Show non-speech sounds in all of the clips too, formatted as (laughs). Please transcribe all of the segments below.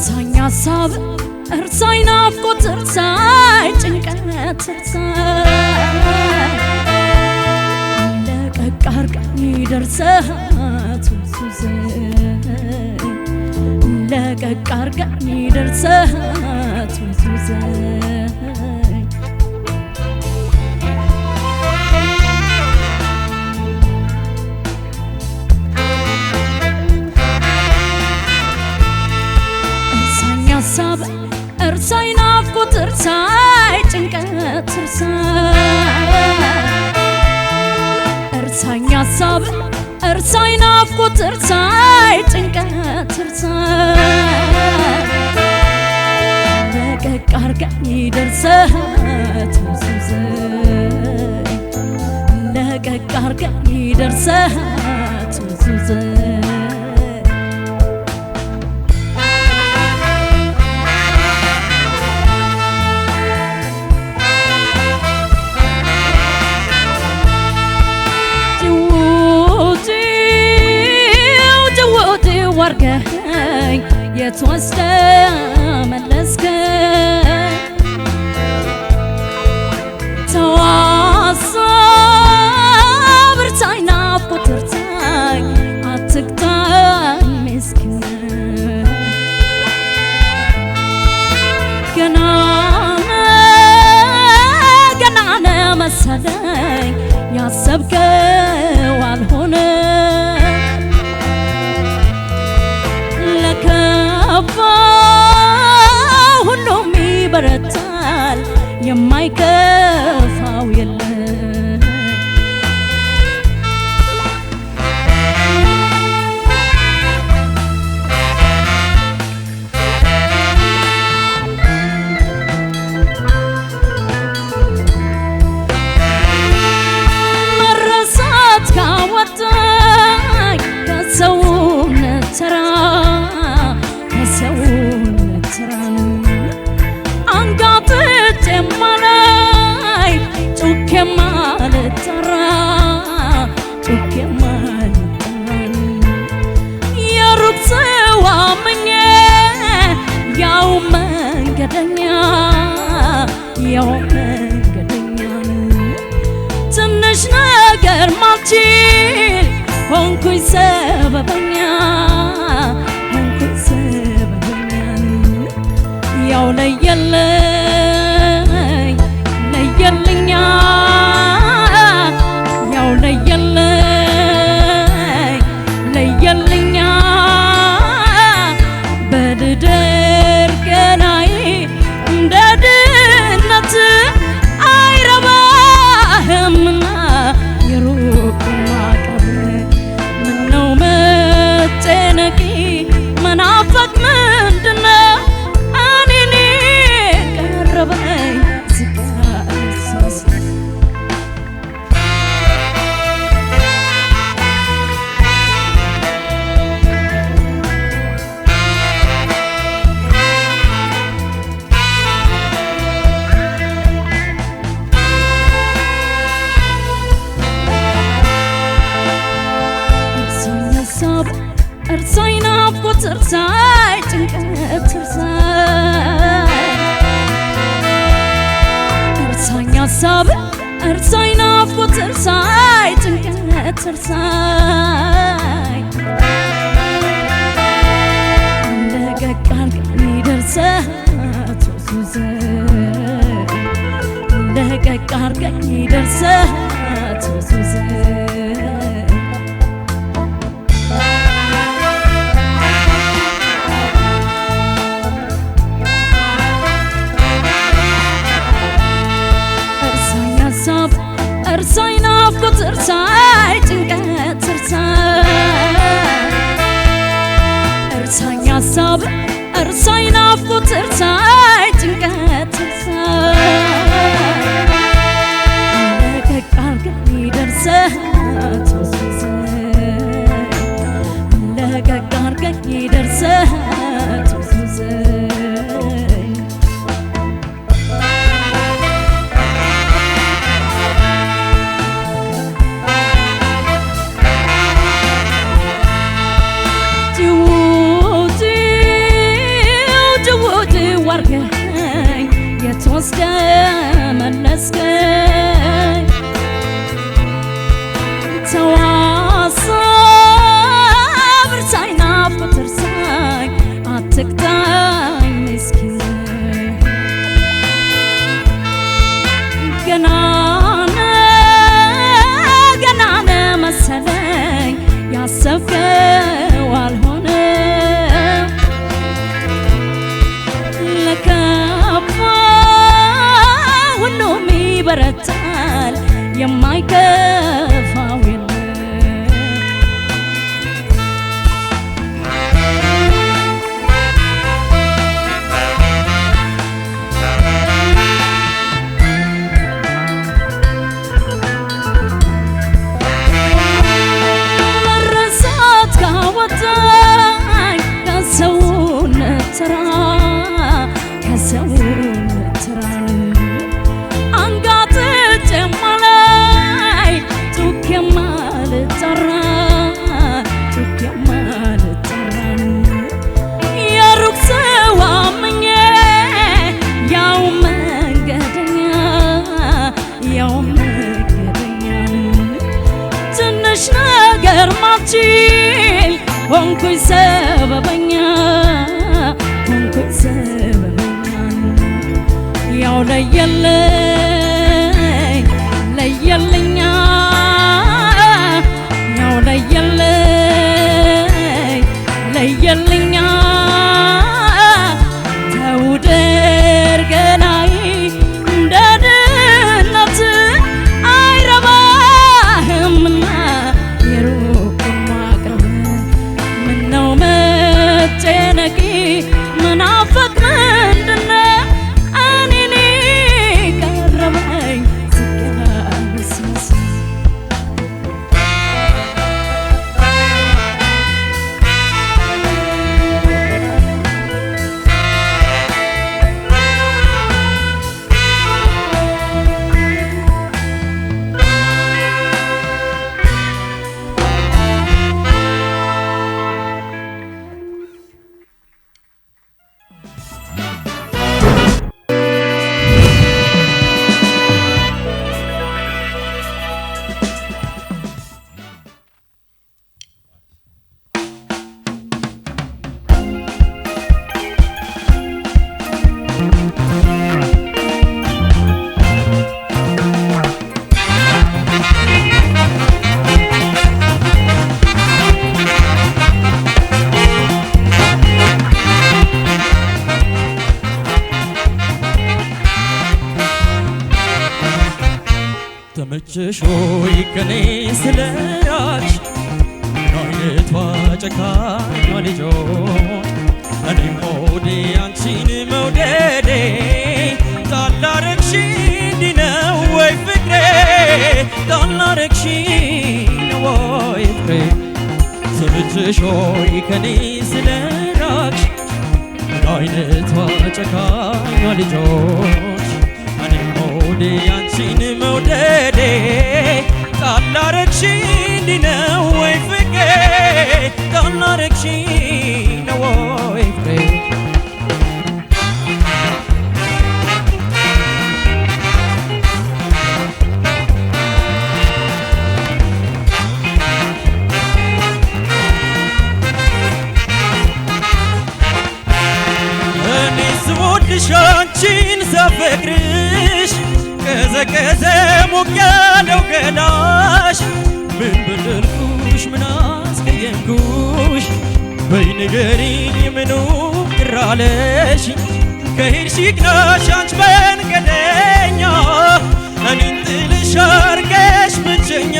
እርሳኝ ሀሳብ፣ እርሳኝ ናፍቆት፣ እርሳኝ ጭንቀት፣ እርሳኝ ለቀቅ አርቀኝ ደርሰሃት ለቀቅ አርቀኝ ደርሰሃት እርሳይ ጭንቀት እርሳይ እርሳኝ ሀሳብ እርሳይ ናፍቆት እርሳይ ጭንቀት እርሳይ በቀቅ አርገኝ ይደርሰት ለቀቅ አርገኝ ይደርሰት አርገኝ የት ወስደ መለስከ ተዋሳ ብርታኝ ገና ገና መሰለኝ ያሰብከው ልጠራ ጮኬ ማልጣን የሩቅ ሰው አምኜ ያው ሰበበኛ ሰበበኛ ያው ለየለ ስርሳይ እንደ ቀቃን ቀን ይደርሳል ቶዙዘ እንደ ቀቃን ቀን ይደርሳል ስራ ከሰውነት ስራ አንጋጥጬማ ላይ ቱኬማ ልጠራ ቱኬማ የሩቅ ሰው አምኜ ያው መንገደኛ ያው መንገደኛ ትንሽ ነገር ማችል ሆንኩኝ ሰበበኛ ትንሹ ይገናኝ ስለያች ናይነቷ ጨካኛ ልጆች እኔም መውዴ አንቺን መውደዴ ታላረግሽ እንዲነው ወይ ፍቅሬ ታላረግሽ ወይ ፍቅሬ ስልችሾ ይከኔ ስለራቅሽ አይነቷ ጨካኛ ልጆች እኔም መውዴ አንቺ Dallare cini ne uai fighe Dallare cini ne uai fighe Nisvodishan cini sa fighe Keze keze mukia ንገሪኝ ምኑ ቅር አለሽ ከሄድሽ ይቅናሽ አንቺ መንገደኛ እኔን ጥልሽ አርገሽ ብቸኛ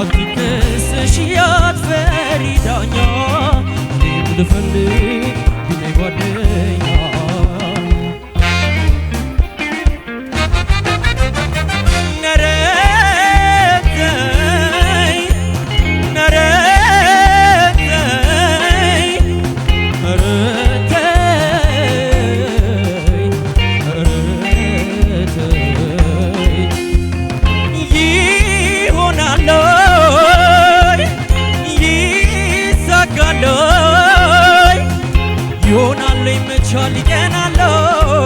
አትከስሽ አትፈሪ ልፈልግ አለው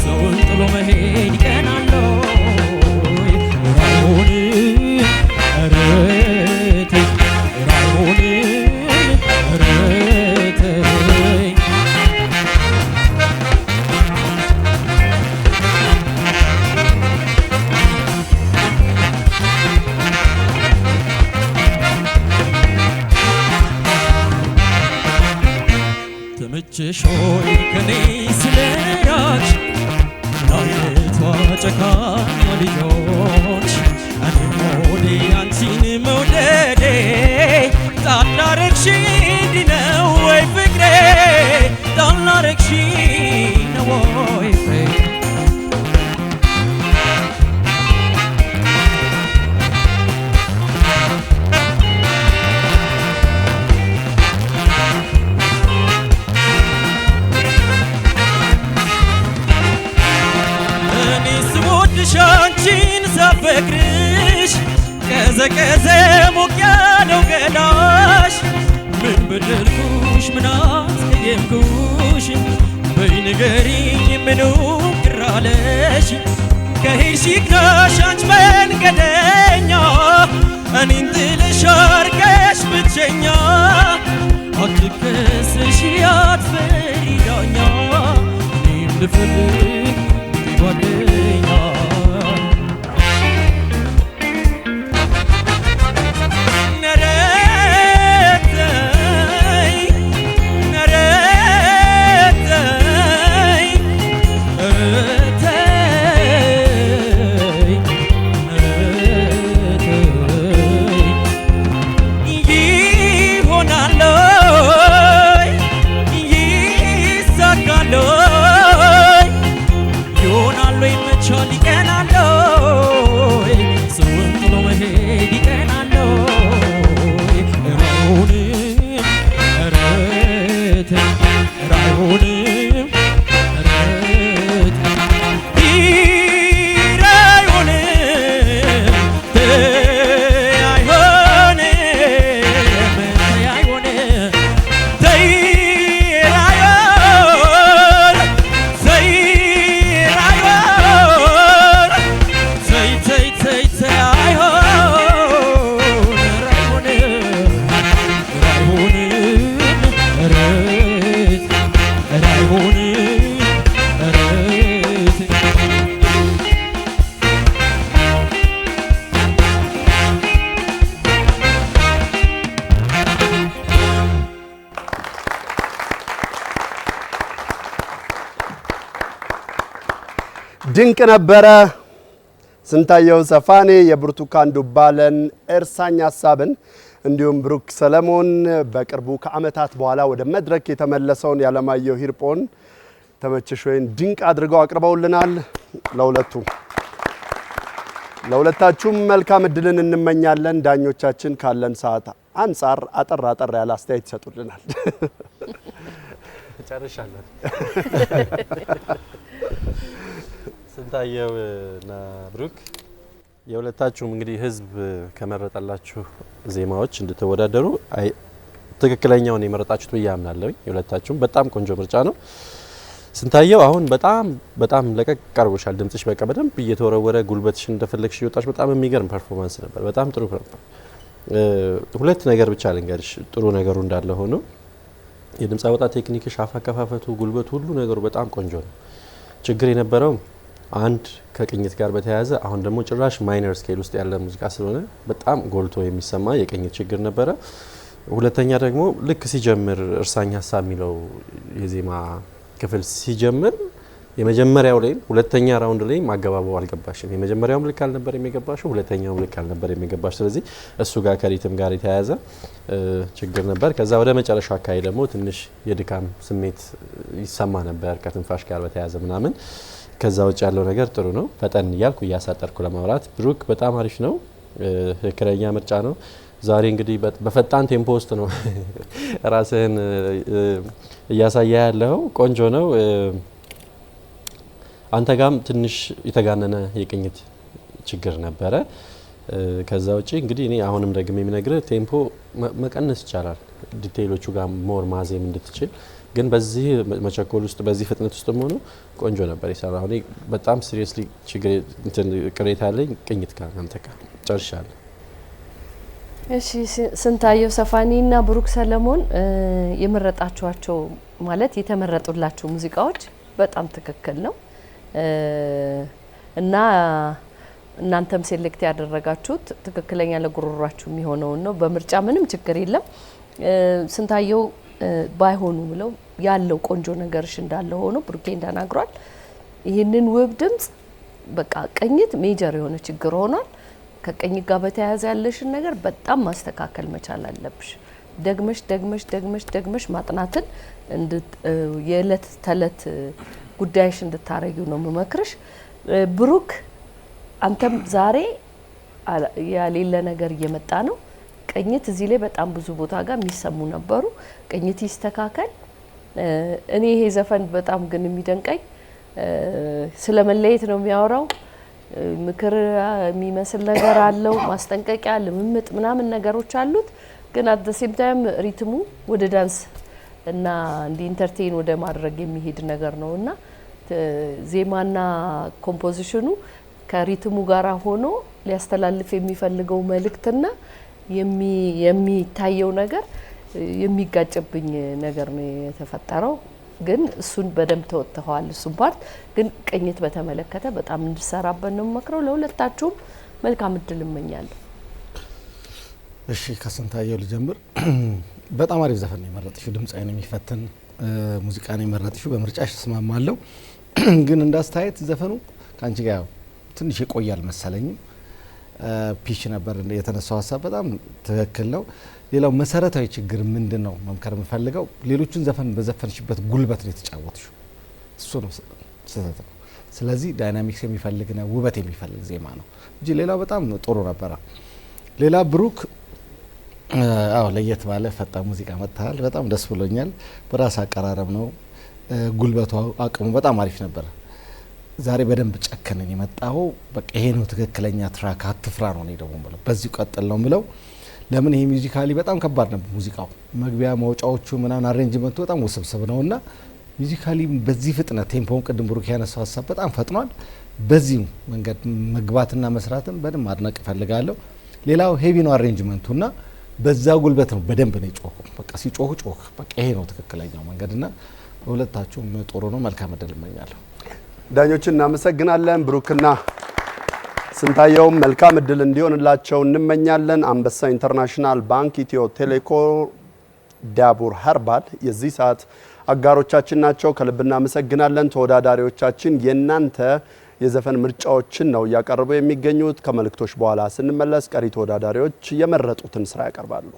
ሰውን ጥሎ መሄድ ይቀናል በደልኩሽ ምን አስቀየምኩሽ? በይ ንገሪኝ ምኑ ቅር አለሽ? ከሄድሽ ይቅናሽ አንቺ መንገደኛ እኔን ጥለሽ አርገሽ ብቸኛ አትከሰሽ አትፈሪ ዳኛ እኔም ልፍርድ ጓደኛ ድንቅ ነበረ። ስንታየው ሰፋኔ የብርቱካን ዱባለን እርሳኝ ሀሳብን እንዲሁም ብሩክ ሰለሞን በቅርቡ ከዓመታት በኋላ ወደ መድረክ የተመለሰውን ያለማየሁ ሂርጶን ወይን ድንቅ አድርገው አቅርበውልናል። ለሁለቱ ለሁለታችሁም መልካም እድልን እንመኛለን። ዳኞቻችን ካለን ሰዓት አንጻር አጠር አጠር ያለ አስተያየት ይሰጡልናል። ጨርሻለን። ታየው እና ብሩክ የሁለታችሁም እንግዲህ ህዝብ ከመረጠላችሁ ዜማዎች እንድትወዳደሩ ትክክለኛውን የመረጣችሁት ብዬ አምናለሁ። የሁለታችሁም በጣም ቆንጆ ምርጫ ነው። ስንታየው አሁን በጣም በጣም ለቀቅ ቀርቦሻል። ድምጽሽ በቃ በደንብ እየተወረወረ ጉልበትሽ እንደፈለግሽ እየወጣሽ በጣም የሚገርም ፐርፎርማንስ ነበር። በጣም ጥሩ ነበር። ሁለት ነገር ብቻ ልንገርሽ፣ ጥሩ ነገሩ እንዳለ ሆኖ የድምፅ አወጣ ቴክኒክሽ፣ አፋ ከፋፈቱ፣ ጉልበቱ፣ ሁሉ ነገሩ በጣም ቆንጆ ነው። ችግር የነበረው አንድ ከቅኝት ጋር በተያያዘ አሁን ደግሞ ጭራሽ ማይነር ስኬል ውስጥ ያለ ሙዚቃ ስለሆነ በጣም ጎልቶ የሚሰማ የቅኝት ችግር ነበረ። ሁለተኛ ደግሞ ልክ ሲጀምር እርሳኝ ሀሳብ የሚለው የዜማ ክፍል ሲጀምር የመጀመሪያው ላይም ሁለተኛ ራውንድ ላይም አገባቡ አልገባሽም። የመጀመሪያውም ልክ አልነበር የሚገባሽ፣ ሁለተኛውም ልክ አልነበር የሚገባሽ። ስለዚህ እሱ ጋር ከሪትም ጋር የተያያዘ ችግር ነበር። ከዛ ወደ መጨረሻው አካባቢ ደግሞ ትንሽ የድካም ስሜት ይሰማ ነበር ከትንፋሽ ጋር በተያያዘ ምናምን ከዛ ውጭ ያለው ነገር ጥሩ ነው። ፈጠን እያልኩ እያሳጠርኩ ለማውራት ብሩክ በጣም አሪፍ ነው። ትክክለኛ ምርጫ ነው። ዛሬ እንግዲህ በፈጣን ቴምፖ ውስጥ ነው (laughs) ራስህን እያሳየ ያለው። ቆንጆ ነው። አንተ ጋም ትንሽ የተጋነነ የቅኝት ችግር ነበረ። ከዛ ውጪ እንግዲህ እኔ አሁንም ደግሞ የሚነግርህ ቴምፖ መቀነስ ይቻላል፣ ዲቴይሎቹ ጋር ሞር ማዜም እንድትችል ግን በዚህ መቸኮል ውስጥ በዚህ ፍጥነት ውስጥ መሆኑ ቆንጆ ነበር የሰራ ሁ በጣም ሲሪየስሊ ቅሬታ ያለኝ ቅኝት ጋር አንተ ጋር ጨርሻለሁ። እሺ ስንታየው ሰፋኒ እና ብሩክ ሰለሞን የመረጣችኋቸው ማለት የተመረጡላቸው ሙዚቃዎች በጣም ትክክል ነው እና እናንተም ሴሌክት ያደረጋችሁት ትክክለኛ ለጉሮሯችሁ የሚሆነውን ነው። በምርጫ ምንም ችግር የለም። ስንታየው ባይሆኑ ብለው ያለው ቆንጆ ነገርሽ እንዳለ ሆኖ ብሩኬን ተናግሯል። ይህንን ውብ ድምጽ በቃ ቅኝት ሜጀር የሆነ ችግር ሆኗል። ከቅኝት ጋር በተያያዘ ያለሽን ነገር በጣም ማስተካከል መቻል አለብሽ። ደግመሽ ደግመሽ ደግመሽ ደግመሽ ማጥናትን የዕለት ተዕለት ጉዳይሽ እንድታረጊው ነው የምመክርሽ። ብሩክ አንተም ዛሬ ያሌለ ነገር እየመጣ ነው። ቅኝት እዚህ ላይ በጣም ብዙ ቦታ ጋር የሚሰሙ ነበሩ። ቅኝት ይስተካከል። እኔ ይሄ ዘፈን በጣም ግን የሚደንቀኝ ስለ መለየት ነው የሚያወራው። ምክር የሚመስል ነገር አለው፣ ማስጠንቀቂያ፣ ልምምጥ ምናምን ነገሮች አሉት። ግን አት ሴም ታይም ሪትሙ ወደ ዳንስ እና እንዲህ ኢንተርቴን ወደ ማድረግ የሚሄድ ነገር ነው እና ዜማና ኮምፖዚሽኑ ከሪትሙ ጋር ሆኖ ሊያስተላልፍ የሚፈልገው መልእክትና የሚታየው ነገር የሚጋጭብኝ ነገር ነው የተፈጠረው። ግን እሱን በደንብ ተወጥተዋል። እሱን ፓርት ግን ቅኝት በተመለከተ በጣም እንድሰራበት ነው መክረው። ለሁለታችሁም መልካም እድል እመኛለሁ። እሺ ከስንታየው ልጀምር። (clears throat) በጣም አሪፍ ዘፈን ነው የመረጥሽው። ድምፃዊን የሚፈትን ሙዚቃ ነው የመረጥሽው። በምርጫሽ ተስማማለሁ። (clears throat) ግን እንዳስተያየት ዘፈኑ ከአንቺ ጋር ትንሽ ይቆያል መሰለኝም ፒች ነበር የተነሳው ሀሳብ በጣም ትክክል ነው። ሌላው መሰረታዊ ችግር ምንድን ነው መምከር የምፈልገው ሌሎቹን ዘፈን በዘፈንሽበት ጉልበት ነው የተጫወትሽ። እሱ ነው ስህተት ነው። ስለዚህ ዳይናሚክስ የሚፈልግ ነው፣ ውበት የሚፈልግ ዜማ ነው እንጂ ሌላው በጣም ጥሩ ነበረ። ሌላ ብሩክ አዎ ለየት ባለ ፈጣን ሙዚቃ መጥተሃል። በጣም ደስ ብሎኛል። በራስ አቀራረብ ነው ጉልበቱ አቅሙ በጣም አሪፍ ነበረ። ዛሬ በደንብ ጨከንን የመጣው በቃ ይሄ ነው ትክክለኛ ትራክ አትፍራ ነው። እኔ ደግሞ ብለው በዚሁ ቀጥል ነው ብለው ለምን ይሄ ሙዚካሊ በጣም ከባድ ነበር። ሙዚቃው መግቢያ መውጫዎቹ ምናምን አሬንጅመንቱ በጣም ውስብስብ ነው እና ሙዚካሊ በዚህ ፍጥነት ቴምፖውን ቅድም ብሩክ ያነሳው ሀሳብ በጣም ፈጥኗል። በዚህ መንገድ መግባትና መስራትን በደንብ ማድነቅ እፈልጋለሁ። ሌላው ሄቪ ነው ና በዛ ጉልበት ነው በደንብ ነው የጮኩ። በቃ ሲጮኩ ጮክ። በቃ ይሄ ነው ትክክለኛው ና በሁለታችሁም ጥሩ ነው። መልካም እድል እመኛለሁ። ዳኞችን እናመሰግናለን። ብሩክና ስንታየውም መልካም እድል እንዲሆንላቸው እንመኛለን። አንበሳ ኢንተርናሽናል ባንክ፣ ኢትዮ ቴሌኮም፣ ዳቡር ሀርባል የዚህ ሰዓት አጋሮቻችን ናቸው። ከልብ እናመሰግናለን። ተወዳዳሪዎቻችን የእናንተ የዘፈን ምርጫዎችን ነው እያቀረቡ የሚገኙት። ከመልእክቶች በኋላ ስንመለስ ቀሪ ተወዳዳሪዎች የመረጡትን ስራ ያቀርባሉ።